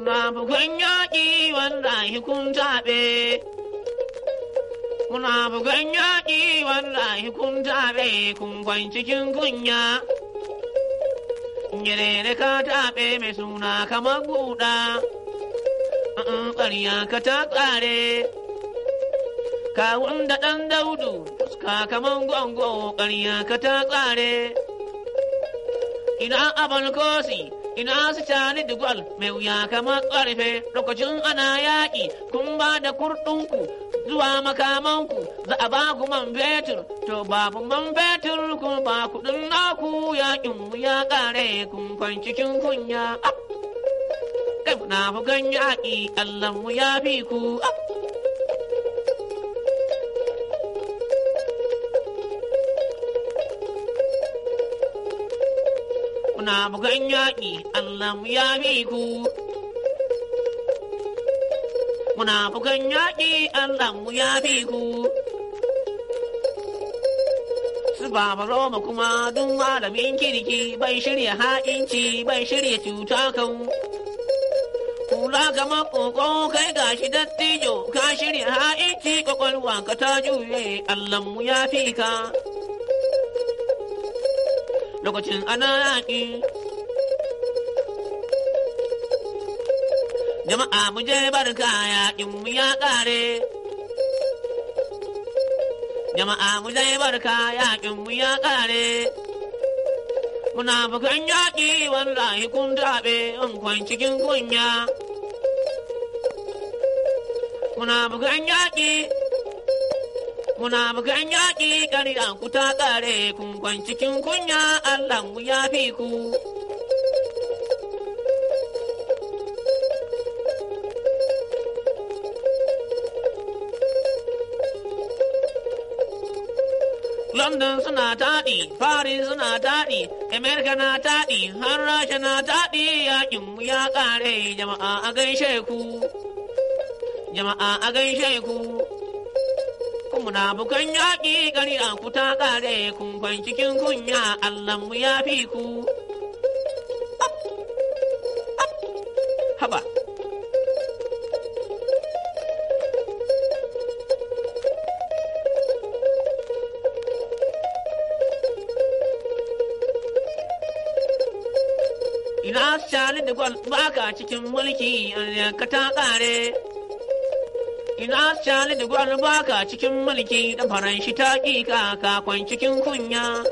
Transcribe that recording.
Muna bugun yaƙi wanda hikun taɓe. Muna bugun yaƙi wanda hikun taɓe kun cikin kunya. Nyerere ka taɓe mai suna kamar guda. Ƙarya ka ta tsare. Kawun da ɗan daudu fuska kamar gongo ƙarya ka ta tsare. Ina abal kosi ina su tani gwal mai wuya kama karfe lokacin ana yaƙi kun ba da kurɗinku zuwa makamanku za a ba ku man fetur to babu man fetur kun ba kuɗin naku yaƙin ya ƙare kun cikin kunya. Ah! Kai muna fugan yaƙi Allah mu ya fi ku. Ah! kuna bugan yaƙi Allah mu ya ku. Muna bugan yaƙi Allah mu ya ku. Su baba Roma kuma duk malamin kirki bai shirya ha'inci bai shirya cuta kan. Kula ga makoko kai gashi dattijo ka shirya ha'inci kwakwalwa ka ta juye Allah mu ya fi ka. lokacin ana yaƙi. Jama'a mu je barka yaƙin mu ya ƙare. Jama'a mu je barka yaƙin mu ya ƙare. Muna bukan yaƙi wallahi kun daɓe in kwan cikin kunya. Muna bukan yaƙi muna bugan yaƙi ƙaryan ku ta ƙare kunkwan cikin kunya Allah mu ya fi ku. London suna taɗi, Paris suna taɗi, America na taɗi, har Rasha na taɗi yaƙin mu ya ƙare jama'a a gaishe ku. Jama'a a gaishe ku. muna munafukan yaƙi ƙari'an ku ta ƙare kumfan cikin kunya Allahnmu ya fi ku. Haba. Ina shalin da gwal baka cikin mulki an yanka ta ƙare. Ina cani da gwar baka cikin mulki da faranshi ta ka kakon cikin kunya.